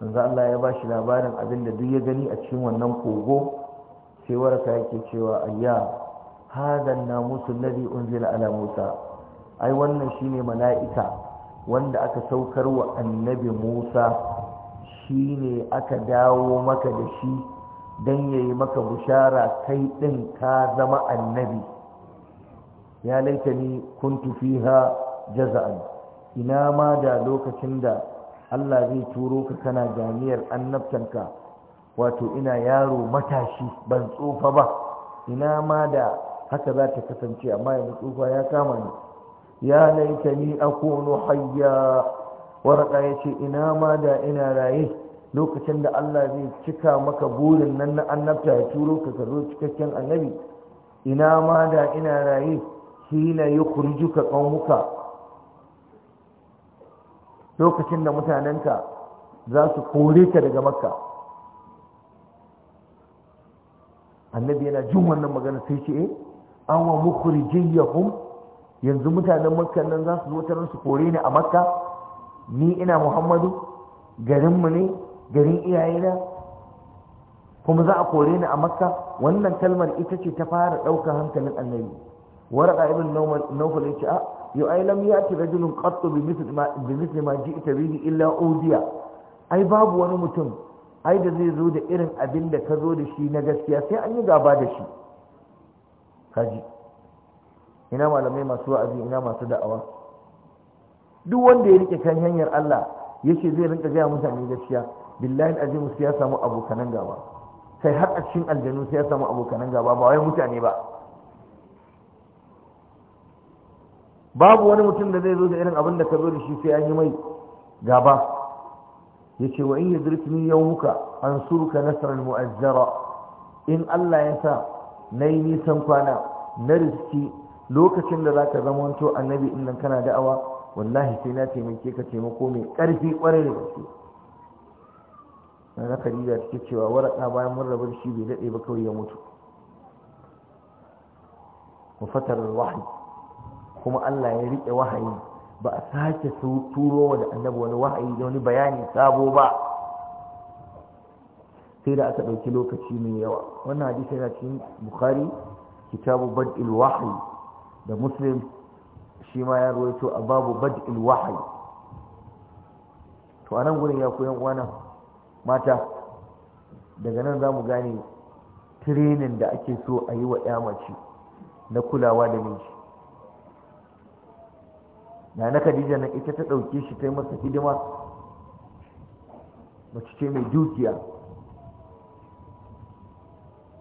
Speaker 1: yanzu Allah ya ba shi labarin abin da duk ya gani a cikin wannan kogo sai waraka yake cewa ayya hadan namusul ladhi unzila ala musa ai wannan shine mala'ika wanda aka saukar wa annabi musa shi ne aka dawo maka da shi don ya yi maka bushara kai ɗin ka zama annabi ya laita ni tufi ha jaza'an ina ma da lokacin da allah zai turo ka kana jami'ar annabtanka wato ina yaro matashi ban tsufa ba ina ma da haka za ta kasance amma yanzu tsufa ya kama ni ya a akunu hayya ya ce ina ma da ina raye lokacin da Allah zai cika maka burin nan na annabta ya turo ka ka zo cikakken annabi ina ma da ina raye shi hina yukhrijuka qaumuka lokacin da mutanenka za su kore ka daga makka annabi yana jin wannan magana sai ce eh awa mukhrijiyahum yanzu mutanen makka nan za su zo ta su kore ni a makka ni ina muhammadu garinmu ne garin iyayena kuma za a kore ni a makka wannan kalmar ita ce ta fara ɗaukar hankalin annabi waraka ibn nawfal yace a ah, yau ai lam yati rajulun qattu bi mithli ma bi mithli ma ji'ta bihi illa udiya ai babu wani mutum ai da zai zo da irin abin da ka zo da shi na gaskiya sai an yi gaba da shi kaji ina malamai masu wa'azi ina masu da'awa duk wanda ya rike kan hanyar Allah yace zai rinka gaya mutane gaskiya billahi azimu sai ya samu abokanan gaba kai har a cikin aljanu sai ya samu abokanan gaba ba wai mutane ba babu wani mutum da zai zo da irin abin da ka zo da shi sai an yi mai gaba yace wa in yadrikni yawmuka ansuruka nasran mu'azzara in Allah ya sa nayi nisan kwana na riski lokacin da zaka wanto annabi in nan kana da'awa wallahi sai na taimake ka taimako mai ƙarfi ƙwarai da gaske na Khadija take cewa waraka bayan mun rabar shi bai daɗe ba kawai ya mutu wa wahayi kuma Allah ya rike wahayi ba a sake turo wa da annabi wani wahayi da wani bayani sabo ba sai da aka ɗauki lokaci mai yawa wannan hadisi yana cikin bukhari kitabu bad'il wahayi. da muslim shi ma ya rawaito a babu bad'il wahayi to anan gurin ya koyan wannan mata daga nan za mu gane tirenin da ake so a yi wa ya mace na kulawa da miji na na khadija na ita ta ɗauke shi ta yi masa hidima mace ce mai dukiya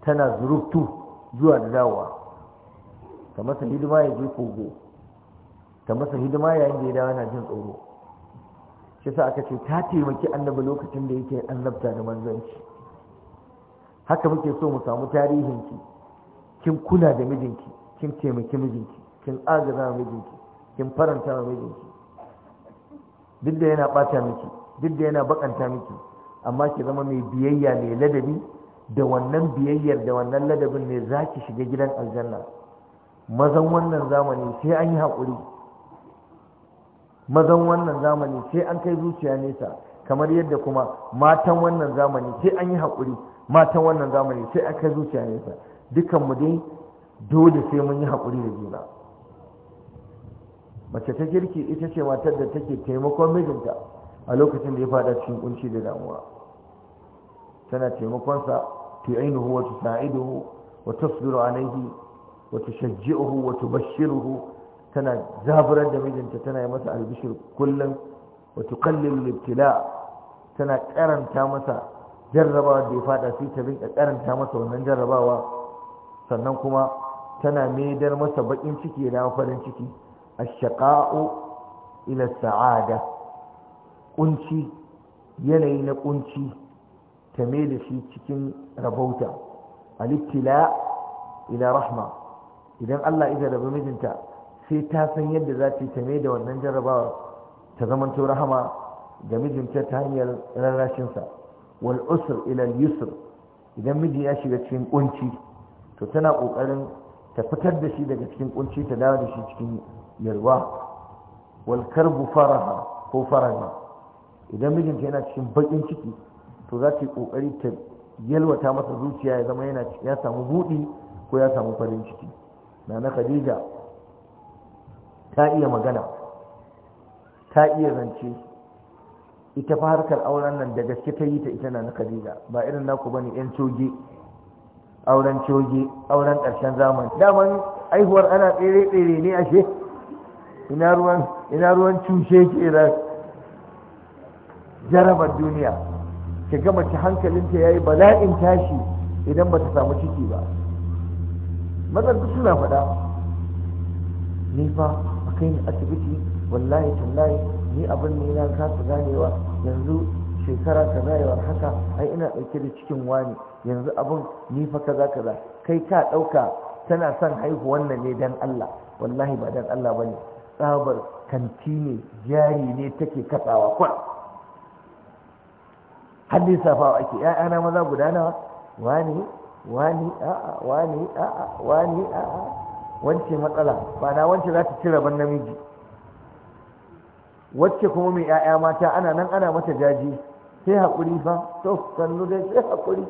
Speaker 1: tana zurutu zuwa da dawowa ka masa hidima ya je kogo ka masa hidima yayin da ya dawo yana jin tsoro shi sa aka ce ta taimaki annabi lokacin da yake annabta da manzanci haka muke so mu samu tarihinki kin kula da mijinki kin taimaki mijinki kin wa mijinki kin faranta wa mijinki duk da yana ɓata miki duk da yana bakanta miki amma ki zama mai biyayya mai ladabi da wannan biyayyar da wannan ladabin ne za ki shiga gidan aljanna mazan wannan zamani sai an yi haƙuri mazan wannan zamani sai an kai zuciya nesa kamar yadda kuma matan wannan zamani sai an yi haƙuri matan wannan zamani sai an kai zuciya nesa dukanmu mu dai dole sai mun yi haƙuri da juna mace ta kirki ita ce matar da take taimakon mijinta a lokacin da ya fada cikin kunci da damuwa tana taimakonsa tu ainihu wa tusaiduhu wa tasbiru alaihi وتشجعه وتبشره تنا زابرا دميجن تنا يمسا البشر كلا وتقلل الابتلاء تنا كرن تامسا جربا ya faɗa في تبين كرن تامسا ونن جربا sannan kuma tana maidar masa bakin ciki da farin ciki a shaqau ila sa'ada ƙunci yanayi na ƙunci ta mai da shi cikin rabauta al-ibtila ila rahma idan Allah ya jarraba mijinta sai ta san yadda za ta yi ta da wannan jarrabawar ta zamanto rahama ga mijinta ta hanyar rarrashinsa wal usr ila al yusr idan miji ya shiga cikin kunci to tana kokarin ta fitar da shi daga cikin kunci ta dawo da shi cikin yalwa wal karbu faraha ko faraha idan mijinta yana cikin bakin ciki to za ta yi kokari ta yalwata masa zuciya ya zama yana ya samu buɗi ko ya samu farin ciki nana khadija ta iya magana ta iya zance ita fa harkar auren nan da gaske ta yi ta ita nana khadija ba irin naku bane yan coge auren coge auren ƙarshen zamani daman aihuwar ana tsere-tsere ne ashe ina ruwan ina ruwan cushe ke da jarabar duniya ki ga mace hankalinta yayi bala'in tashi idan bata samu ciki ba mazan duk suna faɗa ni fa a kai ni asibiti wallahi tallahi ni abin ne na kasa ganewa yanzu shekara kaza yawa haka ai ina ɗauke da cikin wani yanzu abin ni fa kaza kaza kai ka ɗauka tana son haihuwan nan ne dan Allah wallahi ba dan Allah bane tsabar kanti ne jari ne take katsawa kwan har safawa ake 'ya'yana maza guda nawa wani wani a'a wani a'a wani a'a wance matsala ba na wance za ta ci rabon namiji wacce kuma mai 'ya'ya mata ana nan ana mata jaji sai haƙuri fa to sannu dai sai haƙuri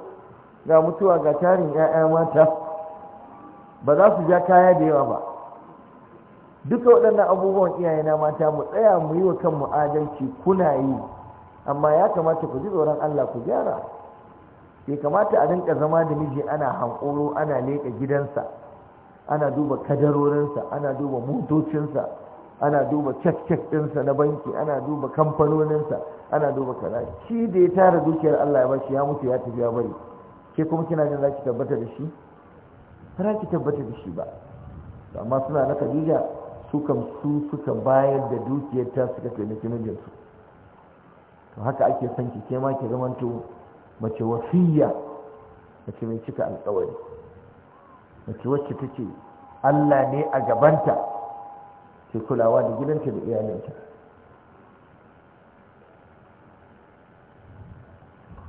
Speaker 1: ga mutuwa ga tarin 'ya'ya mata ba za su ja kaya da yawa ba duka waɗannan abubuwan iyaye na mata mu tsaya mu yi wa kanmu adalci kuna yi amma ya kamata ku ji tsoron Allah ku gyara bai kamata a rinka zama da miji ana hankoro ana leƙa gidansa ana duba kadarorinsa ana duba motocinsa ana duba cek-cek ɗinsa na banki ana duba kamfanoninsa ana duba kana shi da ya tara dukiyar Allah ya bashi ya mutu ya tafi ya bari ke kuma kina jin za ki tabbata da shi ba ki tabbata da shi ba amma suna na Khadija su kam su suka bayar da dukiyar ta suka taimaki mijinsu to haka ake son ki ke ma ki zamanto mace wasiya mace mai cika alkawari mace wacce take Allah ne a gabanta ke kulawa da gidanta da iyalinta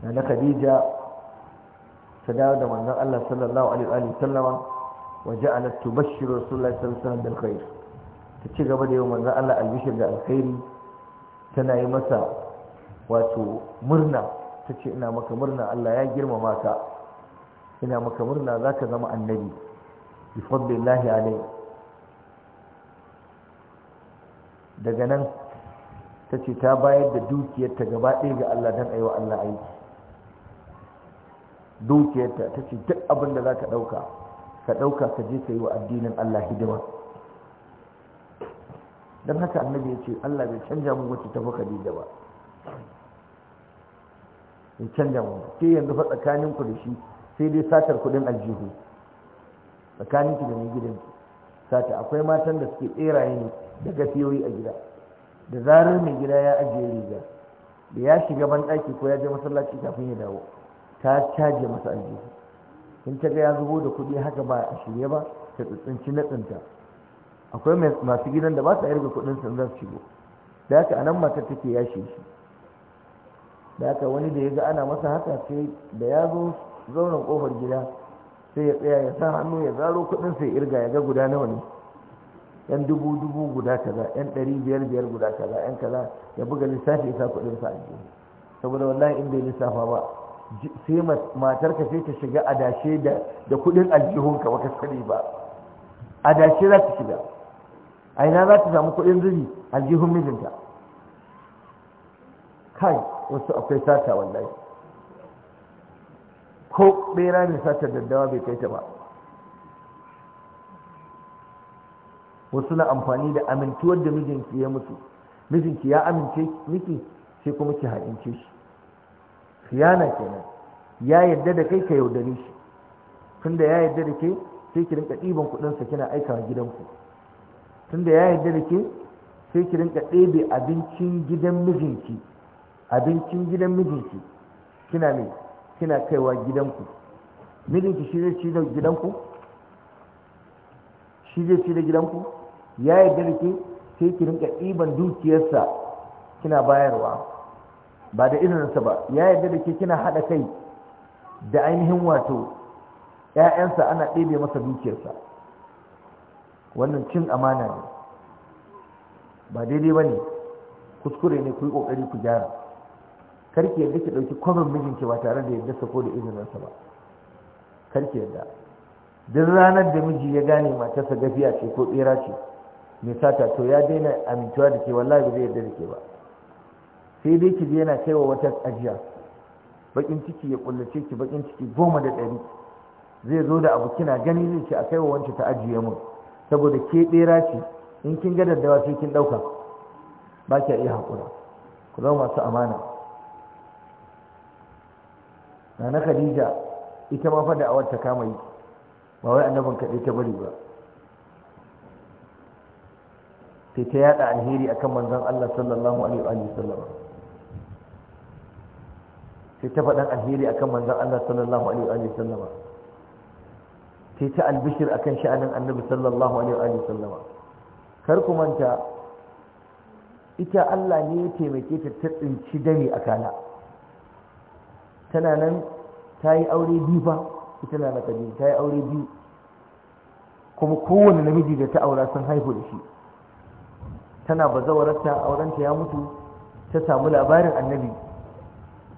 Speaker 1: na Khadija ta dawo da manzon Allah sallallahu alaihi wa sallama wa ja'alat tubashshiru rasulullahi sallallahu alaihi wa sallam ta ci gaba da yi manzon Allah albishir da alkhairi tana yi masa wato murna ta ce ina maka murna Allah ya girmama ka ina maka murna za ka zama annabi bifadlillahi alai daga nan ta ce ta bayar da dukiyarta gaba ɗaya ga Allah don aiwa Allah aiki dukiyarta ta ce duk abin da za ka ɗauka ka ɗauka ka je ka yi wa addinin Allah hidima don haka annabi ya ce Allah bai canja mu wacce ta fi ba in canja mu ke yanzu fa tsakanin ku da shi sai dai satar kuɗin aljihu tsakanin ki da mai gidan sata akwai matan da suke tseraye ne daga fiyoyi a gida da zarar mai gida ya ajiye riga da ya shiga ban ɗaki ko ya je masallaci kafin ya dawo ta caje masa aljihu in ta ga ya zubo da kuɗi haka ba a shirye ba ta tsitsinci na tsinta akwai masu gidan da ba sa yarda kuɗin sun zan shigo da haka anan matar take yashe shi da aka wani da ya ga ana masa haka sai da ya zo zauren kofar gida sai ya tsaya ya sa hannu ya zaro kudin sai irga ya ga guda nawa ne yan dubu dubu guda kaza yan ɗari biyar biyar guda kaza yan kaza ya buga lissafi ya sa kudin sa a saboda wallahi in bai lissafa ba sai matarka sai ta shiga adashe da da kudin aljihunka baka sani ba adashe za ta shiga a ina za ta samu kudin zubi aljihun mijinta kai wasu akwai sata wallahi ko bera ne sata daddawa bai kai ta ba wasu na amfani da amintuwar da mijinki ya mutu mijinki ya amince miki sai kuma ki haɗince shi khiyana kenan ya yadda da kai ka yaudare shi tun da ya yadda da ke sai ki rinka ɗiban kuɗinsa kina aikawa gidanku tun da ya yadda da ke sai ki rinka ɗebe abincin gidan mijinki abincin gidan mijinki kina ne kina kaiwa gidanku mijinki shi zai ci da gidanku shi zai ci da gidanku ya yadda da ke sai ki rinka ɗiban dukiyarsa kina bayarwa ba da izininsa ba ya yadda da ke kina haɗa kai da ainihin wato ‘ya'yansa ana ɗebe masa dukiyarsa wannan cin amana ne ba daidai ba ne kuskure ne ku yi ƙoƙari ku gyara karki yadda ki dauki kwaban mijinki ba tare da yadda sa ko da izinin sa ba karki yadda duk ranar da miji ya gane matarsa gafiya ce ko tsira ce mai sata to ya daina amintuwa da ke wallahi ba zai yadda da ke ba sai dai ki je yana wa wata ajiya bakin ciki ya kullace ki bakin ciki goma da ɗari zai zo da abu kina gani zai ce a kaiwa wancan ta ajiye mun saboda ke tsira ce in kin ga daddawa sai kin ɗauka ba ki iya haƙura ku zama masu amana na khadija ita ma fa da'awar ta kama yi ba wai annabin kaɗai ta bari ba sai ta yada alheri akan manzon Allah sallallahu alaihi wa sallam sai ta faɗan alheri akan manzon Allah sallallahu alaihi wa sallam sai ta albishir akan sha'anin annabi sallallahu alaihi wa sallam kar ku manta ita Allah ne ya taimake ta ta tsinci dare a kana tana nan ta yi aure biyu ba, ita na biyu ta yi aure biyu kuma kowane namiji da ta aura sun haihu da shi tana bazawararta aurenta ya mutu ta samu labarin annabi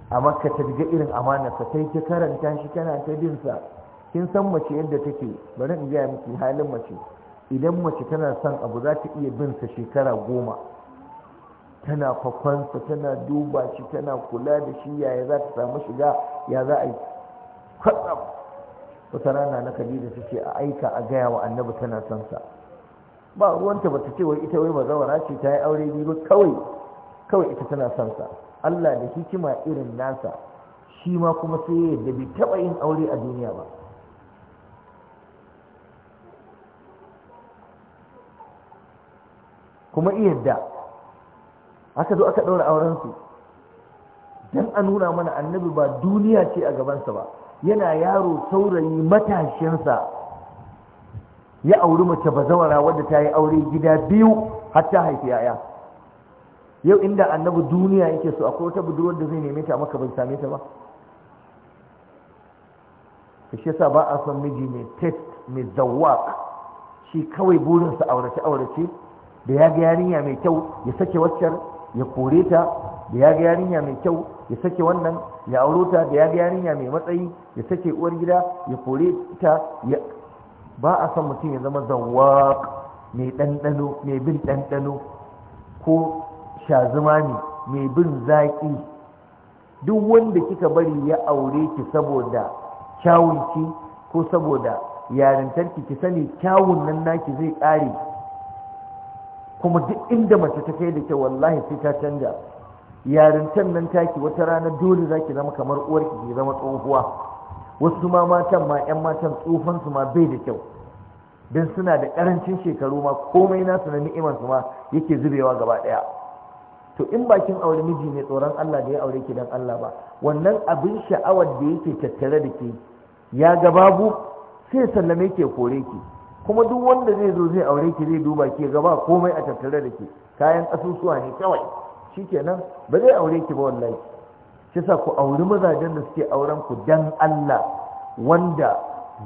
Speaker 1: a makka ta diga irin amanarsa sai ta karanta shi tana ta binsa kin san mace yadda take bari in gaya miki halin mace idan mace tana son abu za ta iya binsa shekara goma tana kwakwansa tana duba shi tana kula da shi yaya za ta samu shiga ya za a yi kwatsam wata rana na khadija ta ce a aika a gaya wa annabi tana son sa ba ruwanta ba ta ce wai ita wai mazawara ce ta yi aure biyu kawai kawai ita tana son sa Allah da hikima irin nasa shi ma kuma sai ya yadda bai taba yin aure a duniya ba kuma iya da. aka zo aka ɗaura aurensu don a nuna mana annabi ba duniya ce a gabansa ba yana yaro saurayi matashinsa ya auri mace bazawara wadda ta yi aure gida biyu har ta haifi yaya yau inda annabi duniya yake so akwai wata budurwar da zai neme ta maka bai same ta ba shi yasa ba a son miji mai test mai zawwaq shi kawai burinsa aurace aurace da ya ga yarinya mai kyau ya sake waccar ya kore ta da ya ga yarinya mai kyau ya sake wannan ya auro ta da ya ga yarinya mai matsayi ya sake uwar gida ya kore ta ya ba a son mutum ya zama zawwaq mai ɗanɗano mai bin ɗanɗano ko shazuma ne mai bin zaƙi duk wanda kika bari ya aure ki saboda kyawunki ko saboda yarintarki ki sani kyawun nan naki zai ƙare kuma duk inda mace ta kai da ke wallahi sai ta canja yarintan nan taki wata rana dole zaki zama kamar uwarki ki zama tsohuwa wasu ma matan ma yan matan tsufan su ma bai da kyau dan suna da karancin shekaru ma komai nasu na ni'imar su ma yake zubewa gaba daya to in bakin aure miji ne tsoron Allah da ya aure ki dan Allah ba wannan abin sha'awar da yake tattare da ke ya ga babu sai sallame ke kore ki kuma duk wanda zai zo zai aure ki zai duba ki gaba komai a tattare da ke kayan asusuwa ne kawai shikenan ba zai aure ki ba wallahi shi sa ku auri mazajen da suke auren ku dan Allah wanda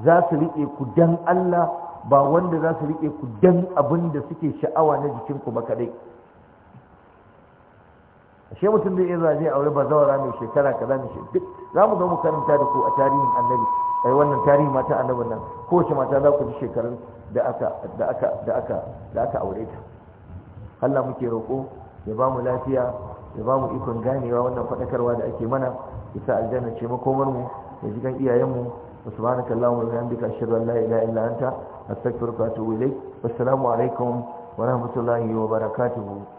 Speaker 1: za su rike ku dan Allah ba wanda za su rike ku dan abin da suke sha'awa na jikin ku ba kadai ashe mutum zai iya zaje aure bazawara mai shekara kaza ne shekara duk za mu mu karanta da ku a tarihin annabi ai wannan tarihi mata annabin nan kowace mata za ku ji shekarun da aka da aka da aka da aka aure ta Allah muke roƙo ya ba mu lafiya ya ba mu ikon ganewa wannan faɗakarwa da ake mana isa aljanna ce makomar mu ya ji kan iyayen mu subhanaka allahumma wa bihamdika ashhadu an la ilaha illa anta astaghfiruka wa atubu ilaik wassalamu alaikum wa rahmatullahi wa barakatuh